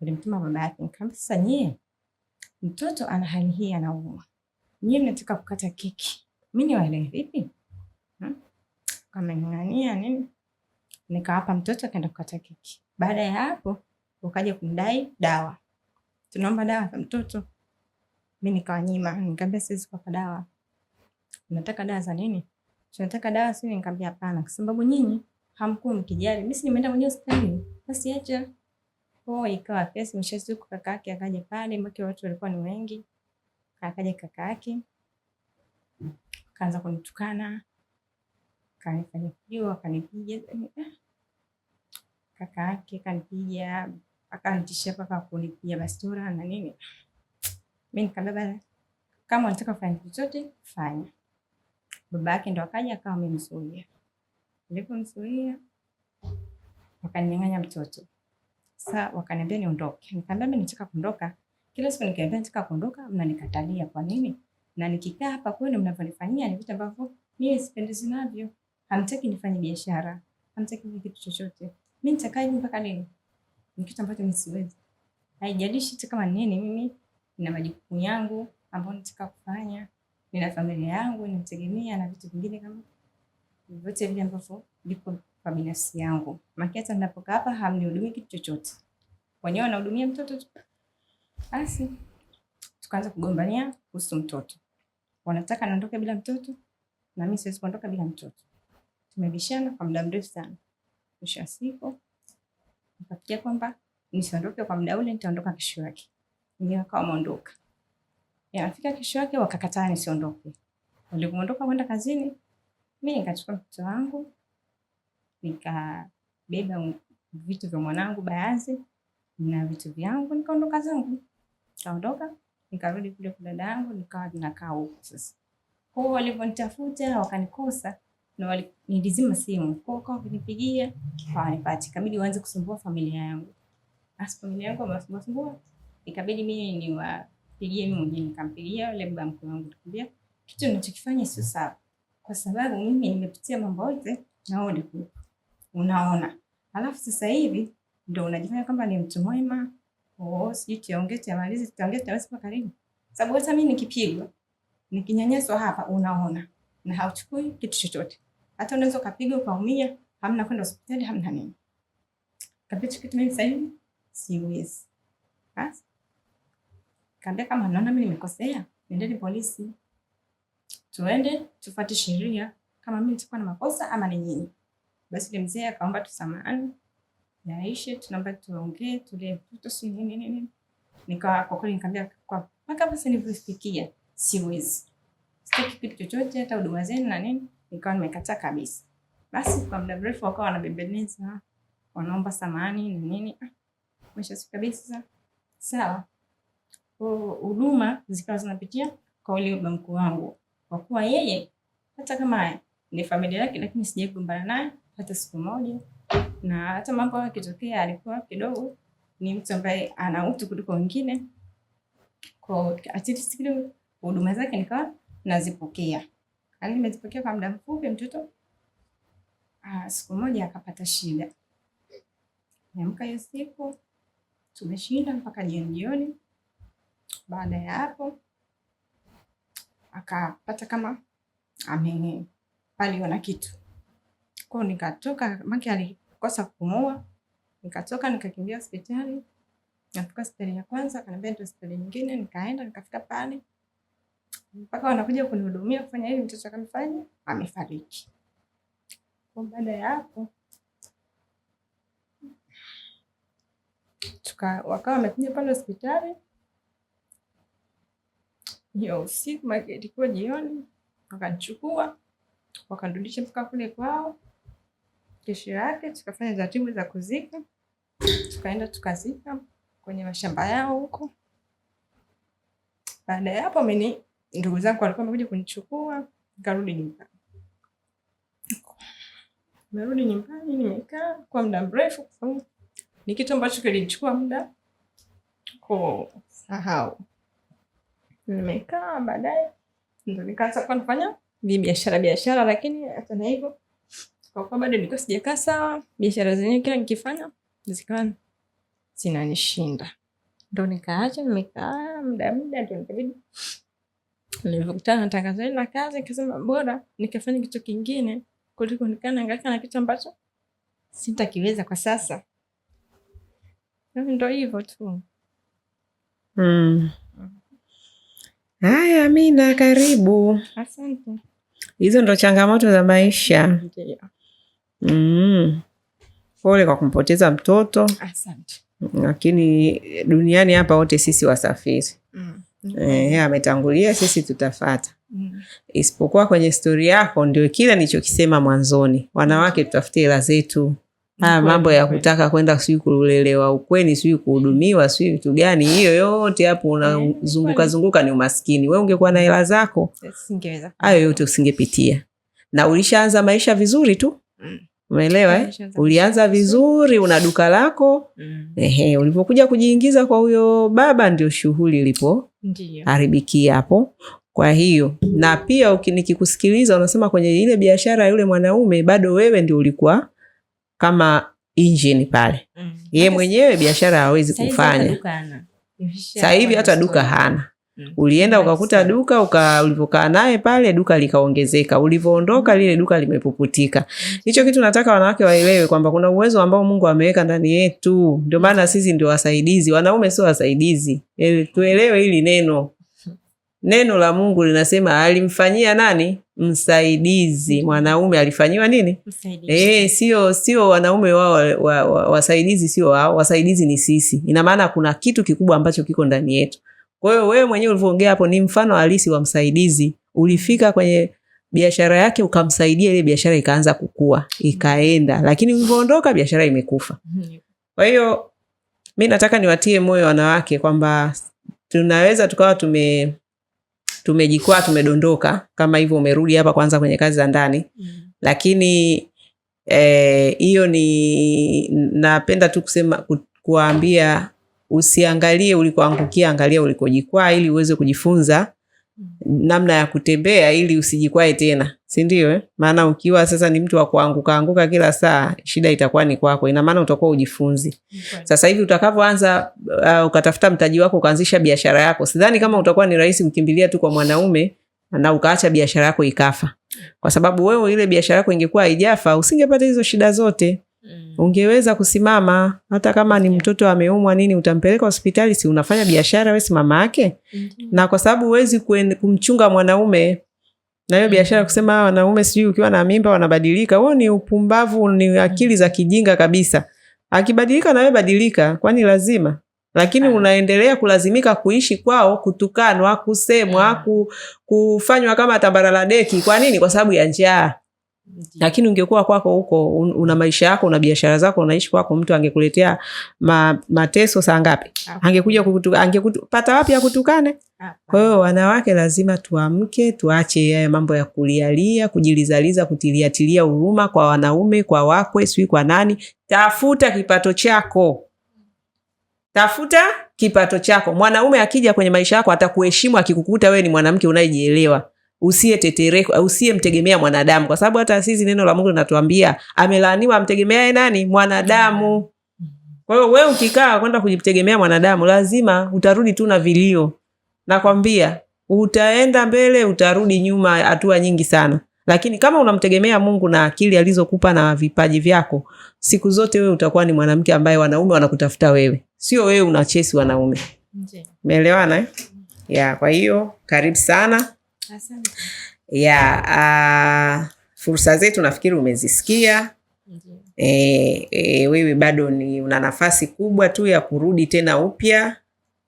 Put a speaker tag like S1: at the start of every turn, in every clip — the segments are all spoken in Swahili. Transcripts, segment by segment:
S1: Nilimtuma mama yake nikamwambia, sasa nyie, mtoto ana hali hii, anaumwa, nyie mnataka kukata keki, mimi niwaelewe vipi? Kameng'ang'ania nini, nikawapa mtoto, akaenda kukata keki. Baada ya hapo, ukaja kumdai dawa, tunaomba dawa za mtoto. Mimi nikawanyima, nikamwambia siwezi kuwapa dawa. Unataka dawa za nini? Tunataka dawa sini. Nikamwambia hapana, kwa sababu nyinyi hamkuwa mkijali. Mimi si nimeenda mwenyewe hospitalini, basi acha kwa ikawa kesi mwisho siku kaka yake akaja pale, maki watu walikuwa ni wengi. Akaja kaka yake kaanza kunitukana, kanifanya kujua, kanipiga kaka yake kanipiga, akanitishia mpaka kunipia bastura na nini. Mimi nikamwambia baba, kama unataka kufanya kitu chochote fanya. Baba yake ndo akaja akawa amemzuia, nilipomzuia wakaninyang'anya mtoto sasa wakaniambia niondoke. nikaambia mimi nataka kuondoka. Kila siku nikiambia nataka kuondoka, mnanikatalia kwa nini? Na nikikaa hapa kwenu mnavyonifanyia ni vitu ambavyo mimi sipendezi navyo. Hamtaki nifanye biashara. Hamtaki ni kitu chochote. Mimi nitakaa hivi mpaka nini? Ni kitu ambacho mimi siwezi. Haijalishi hata kama nini, mimi nina majukumu yangu ambayo nataka kufanya. Nina familia yangu, ninategemea na vitu vingine kama vyote vile ambavyo lipo kwa binafsi yangu. Makiata ninapokaa hapa hamnihudumii kitu chochote. Wenyewe wanahudumia mtoto tu. Basi tukaanza kugombania kuhusu mtoto. Wanataka naondoke bila mtoto na mimi siwezi kuondoka bila mtoto. Tumebishana kwa muda mrefu sana. Mwisho wa siku nikafikia kwamba nisiondoke kwa muda ule, nitaondoka kesho yake. Mimi akawa wameondoka. Yanafika kesho yake wakakataa nisiondoke. Walipoondoka kwenda kazini, mimi nikachukua mtoto wangu nikabeba vitu vya mwanangu Bayazi na vitu vyangu nikaondoka zangu, nikaondoka nikarudi kule kwa dada yangu, nikawa nakaa huko sasa. Kwa hiyo walivyonitafuta wakanikosa, na nilizima simu kwa kwa kunipigia hawanipati, kabidi waanze kusumbua familia yangu. Basi familia yangu wamesumbua sumbua, ikabidi mimi niwapigie mimi mwenyewe, nikampigia yule baba mkwe wangu, nikamwambia kitu ninachokifanya sio sawa, kwa sababu mimi nimepitia mambo yote na wewe ulikuwa unaona. Alafu sasa hivi ndio unajifanya kwamba ni mtu mwema. Oh, sijui tiongee tuyamalize, tiongee tutaweza mpaka lini? Sababu hata mimi nikipigwa, nikinyanyaswa hapa unaona na hauchukui kitu chochote. Hata unaweza ukapigwa ukaumia, hamna kwenda hospitali, hamna nini. Kabitu kitu mimi sasa hivi siwezi. Basi. Kaambia kama naona mimi nimekosea, nendeni polisi. Tuende tufuate sheria kama mimi nitakuwa na makosa ama ni nyinyi. Basi yule mzee akaomba tusamahani, yaishe, tunaomba tuongee, tule mtoto si nini nini. Nika kwa kweli nikamwambia kwa mpaka basi nilivyofikia siwezi. Sitaki kitu chochote hata huduma zenu na nini, nikawa nimekata kabisa. Basi kwa muda mrefu wakawa wanabembeleza, wanaomba samahani na nini. Ah, mwisho siku kabisa sawa. Huduma zikawa zinapitia kwa ule mkuu wangu, kwa kuwa yeye hata kama ni familia yake, lakini sijagombana naye hata siku moja, na hata mambo yakitokea, alikuwa kidogo ni mtu ambaye ana utu kuliko wengine, kwa at least kidogo huduma zake nikawa nazipokea. Yaani nimezipokea kwa muda mfupi, mtoto ah, siku moja akapata shida. Niamka hiyo siku tumeshinda mpaka jioni jioni. Baada ya hapo akapata kama amepaliwa na kitu kwa nikatoka, maki alikosa kuoa, nikatoka nikakimbia hospitali. Nafika hospitali ya kwanza, akaniambia ndio hospitali nyingine, nikaenda nikafika pale mpaka wanakuja kunihudumia kufanya hivi, mtoto akamfanya amefariki. Kwa baada ya hapo tuka wakawa wamekuja pale hospitali hiyo usiku, ilikuwa jioni, wakanichukua wakanirudisha mpaka kule kwao kesho yake tukafanya taratibu za kuzika, tukaenda tukazika kwenye mashamba yao huko. Baada ya hapo, mimi ndugu zangu walikuwa wamekuja kunichukua, nikarudi nyumbani. Nimerudi nyumbani, nimekaa kwa muda mrefu, kwa sababu ni kitu ambacho kilichukua muda kusahau. Nimekaa baadaye, ndo nikaanza kufanya biashara biashara, lakini hata na hivyo kwakuwa bado nilikuwa sijakaa sawa, biashara zenyewe kila nikifanya zikawa zinanishinda, ndo nikaacha. Nimekaa muda muda, ndo nikabidi nilivyokutana na tangazo la kazi, nikasema bora nikafanya kitu kingine kuliko nikaa nahangaika na kitu ambacho sitakiweza kwa sasa. Ndo hivyo tu.
S2: Mm. Haya, Amina, karibu. Asante. Hizo ndo changamoto za maisha. Ndiyo. Mm. Pole kwa kumpoteza mtoto. Asante. Lakini duniani hapa wote sisi wasafiri. Mm. Eh, ametangulia, sisi tutafata. Mm. Isipokuwa kwenye stori yako ndio kila nilichokisema mwanzoni, wanawake tutafutie hela zetu. Haya mambo ya kutaka kwenda sijui kulelewa ukweni sijui kuhudumiwa sijui vitu gani, hiyo yote hapo eh, unazunguka zunguka ni umaskini. Wewe ungekuwa na hela zako hayo yote usingepitia, na ulishaanza maisha vizuri tu. Mm. Umeelewa eh? Ulianza vizuri, una duka lako mm. Ehe, ulipokuja kujiingiza kwa huyo baba ndio shughuli ilipo haribikia hapo. Kwa hiyo na pia nikikusikiliza unasema kwenye ile biashara yule mwanaume bado wewe ndio ulikuwa kama injini pale mm. Ye mwenyewe biashara hawezi kufanya sasa hivi, hata duka hana Mm. Ulienda ukakuta duka uka, ulivyokaa naye pale duka likaongezeka, ulivyoondoka lile duka limepuputika. Hicho kitu nataka wanawake waelewe kwamba kuna uwezo ambao Mungu ameweka ndani yetu, ndio maana sisi ndio wasaidizi. Wanaume sio wasaidizi, E, tuelewe hili neno. Neno la Mungu linasema alimfanyia nani msaidizi. Mm. Mwanaume alifanyiwa nini? E, sio sio wanaume wao wa, wa, wa, wasaidizi sio wao, wasaidizi ni sisi. Ina maana kuna kitu kikubwa ambacho kiko ndani yetu. Kwa hiyo wewe mwenyewe ulivyoongea hapo ni mfano halisi wa msaidizi. Ulifika kwenye biashara yake ukamsaidia, ile biashara ikaanza kukua ikaenda, lakini ulivyoondoka biashara imekufa. Kwa hiyo mi nataka niwatie moyo wanawake kwamba tunaweza tukawa tume tumejikwaa tumedondoka, kama hivyo umerudi hapa kwanza kwenye kazi za ndani mm. Lakini eh, hiyo eh, ni napenda tu kusema kuwaambia Usiangalie ulikoangukia, angalia ulikojikwaa ili uweze kujifunza namna ya kutembea ili usijikwae tena, si ndio eh? Maana ukiwa sasa ni mtu wa kuanguka anguka kila saa, shida itakuwa ni kwako, ina maana utakuwa ujifunzi. Sasa hivi utakavyoanza, uh, ukatafuta mtaji wako ukaanzisha biashara yako, sidhani kama utakuwa ni rahisi kukimbilia tu kwa mwanaume na ukaacha biashara yako ikafa, kwa sababu wewe ile biashara yako ingekuwa haijafa usingepata hizo shida zote. Mm. Ungeweza kusimama hata kama ni mtoto ameumwa nini, utampeleka hospitali, si unafanya biashara wewe, si mama yake? mm -hmm. Na kwa sababu huwezi kumchunga mwanaume na hiyo biashara mm. kusema wanaume sijui ukiwa na mimba wanabadilika, huo ni upumbavu, ni mm. akili za kijinga kabisa. Akibadilika na wewe badilika, kwani lazima? Lakini ah. unaendelea kulazimika kuishi kwao, kutukanwa, kusemwa, kufanywa kama tambara la deki. Kwa nini? Kwa sababu ya njaa lakini ungekuwa kwako huko una maisha yako una biashara zako unaishi kwako, mtu angekuletea ma, mateso saa ngapi? Angekuja angekupata wapi akutukane? Kwa hiyo wanawake lazima tuamke, tuache haya mambo ya kulialia, kujilizaliza, kutiliatilia huruma kwa wanaume, kwa wakwe, sijui kwa nani. Tafuta kipato chako, tafuta kipato chako. Mwanaume akija kwenye maisha yako atakuheshimu akikukuta wewe ni mwanamke unayejielewa usiyetetereka, usiyemtegemea mwanadamu, kwa sababu hata sisi neno la Mungu linatuambia amelaaniwa amtegemeaye nani? Mwanadamu. Kwa hiyo wewe ukikaa kwenda kujitegemea mwanadamu, lazima utarudi tu na vilio. Nakwambia utaenda mbele, utarudi nyuma hatua nyingi sana. Lakini kama unamtegemea Mungu na akili alizokupa na vipaji vyako, siku zote wewe utakuwa ni mwanamke ambaye wanaume wanakutafuta wewe, sio wewe unachesi wanaume. Umeelewana eh? Ya, kwa hiyo karibu sana ya yeah, uh, fursa zetu nafikiri umezisikia. E, e, wewe bado ni una nafasi kubwa tu ya kurudi tena upya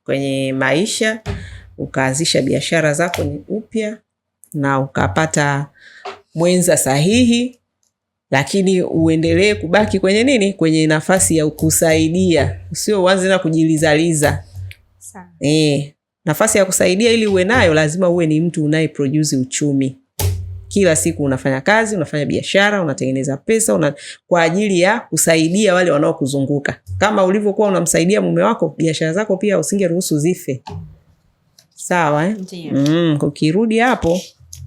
S2: kwenye maisha ukaanzisha biashara zako ni upya na ukapata mwenza sahihi, lakini uendelee kubaki kwenye nini, kwenye nafasi ya kusaidia, usio uanze na kujilizaliza e, nafasi ya kusaidia ili uwe nayo, lazima uwe ni mtu unaye produce uchumi kila siku unafanya kazi, unafanya biashara, unatengeneza pesa una, kwa ajili ya kusaidia wale wanaokuzunguka. Kama ulivyokuwa unamsaidia mume wako, biashara zako pia usingeruhusu zife. Sawa eh? Mm, ukirudi hapo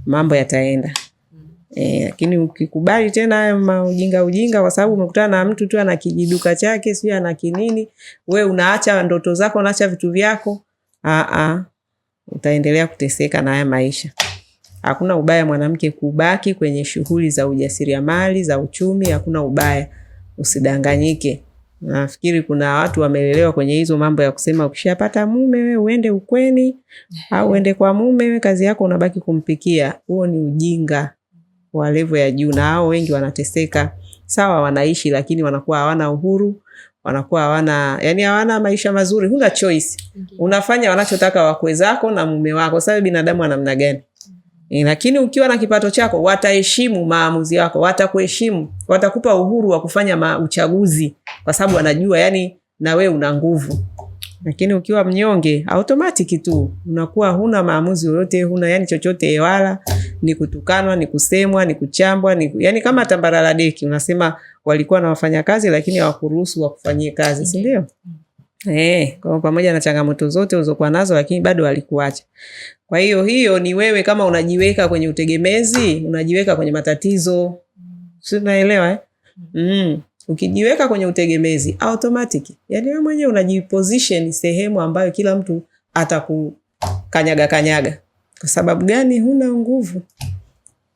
S2: mambo yataenda mm. Eh, lakini, mm. E, ukikubali tena haya maujinga ujinga, kwa sababu umekutana na mtu tu ana kijiduka chake, sijui ana kinini, we unaacha ndoto zako, unaacha vitu vyako Aa, utaendelea kuteseka na haya maisha. Hakuna ubaya mwanamke kubaki kwenye shughuli za ujasiriamali za uchumi, hakuna ubaya, usidanganyike. Nafikiri kuna watu wamelelewa kwenye hizo mambo ya kusema ukishapata mume we uende ukweni au uende kwa mume, we kazi yako unabaki kumpikia. Huo ni ujinga wa levo ya juu, na hao wengi wanateseka. Sawa, wanaishi lakini wanakuwa hawana uhuru, wanakuwa hawana yani, hawana maisha mazuri. Huna choice, unafanya wanachotaka wakwe zako na mume wako. sababu binadamu ana namna gani? Mm. Eh, lakini ukiwa na kipato chako, wataheshimu maamuzi yako, watakuheshimu, watakupa uhuru wa kufanya uchaguzi, kwa sababu wanajua yani na we una nguvu lakini ukiwa mnyonge automatic tu unakuwa huna maamuzi yoyote, huna yani chochote, wala ni kutukanwa, ni kusemwa, ni kuchambwa, ni yani kama tambarala deki. Unasema walikuwa na wafanya kazi lakini hawakuruhusu wakufanyie kazi, si ndio? Eh, kwa pamoja na changamoto zote uzokuwa nazo, lakini bado walikuacha. Kwa hiyo hiyo ni wewe kama unajiweka kwenye utegemezi, unajiweka kwenye matatizo, si unaelewa eh? mm. mm. Ukijiweka kwenye utegemezi automatic, yani wewe mwenyewe unajiposition sehemu ambayo kila mtu atakukanyaga kanyaga. Kwa sababu gani? Huna nguvu.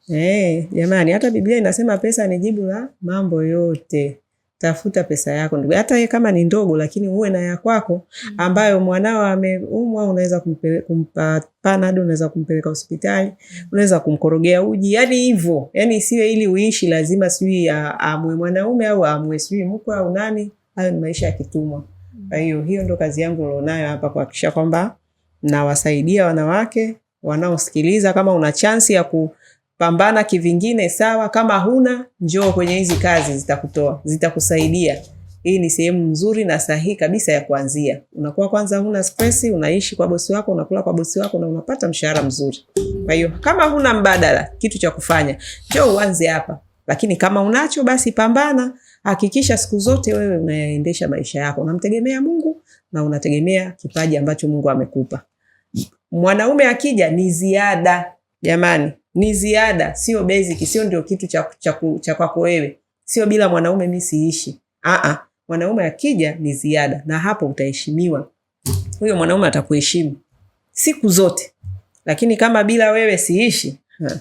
S2: Eh, jamani, hata Biblia inasema pesa ni jibu la mambo yote tafuta pesa yako ndugu, hata ye kama ni ndogo, lakini uwe na ya kwako mm. ambayo mwanao ameumwa, unaweza kumpa panado, unaweza kumpeleka hospitali, mm. unaweza kumkorogea uji, yani hivyo. Yani siwe ili uishi lazima sijui amwe mwanaume au amwe sijui mkwe au nani. Hayo ni maisha ya kitumwa. Kwa hiyo, hiyo ndo kazi yangu nilionayo hapa, kuhakikisha kwamba nawasaidia wanawake wanaosikiliza, kama una chansi ya ku pambana kivingine, sawa. Kama huna njoo kwenye hizi kazi, zitakutoa zitakusaidia. Hii ni sehemu nzuri na sahihi kabisa ya kuanzia. Unakuwa kwanza huna stress, unaishi kwa bosi wako, unakula kwa bosi wako na unapata mshahara mzuri. Kwa hiyo kama huna mbadala, kitu cha kufanya, njoo uanze hapa, lakini kama unacho basi pambana. Hakikisha siku zote wewe unayaendesha maisha yako, unamtegemea Mungu na unategemea kipaji ambacho Mungu amekupa. Mwanaume akija ni ziada, jamani ni ziada, sio basic, sio ndio kitu cha cha, cha kwako wewe, sio bila mwanaume mimi siishi. A a, mwanaume akija ni ziada, na hapo utaheshimiwa. Huyo mwanaume atakuheshimu siku zote, lakini kama bila wewe siishi, ha.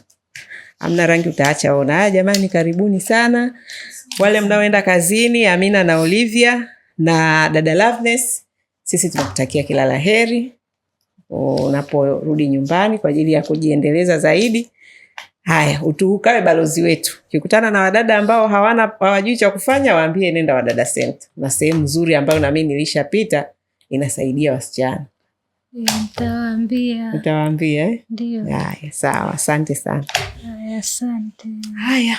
S2: Amna rangi utaacha ona. Haya jamani, karibuni sana wale mnaoenda kazini, Amina na Olivia na dada Loveness, sisi tunakutakia kila la heri unaporudi nyumbani kwa ajili ya kujiendeleza zaidi. Haya, utukawe balozi wetu. Ukikutana na wadada ambao hawana hawajui cha kufanya, waambie nenda Wadada Center, na sehemu nzuri ambayo nami nilishapita, inasaidia wasichana.
S1: Nitawaambia,
S2: nitawaambia eh? Ndio. Haya, sawa, asante sana.
S1: Haya, asante.
S2: Haya.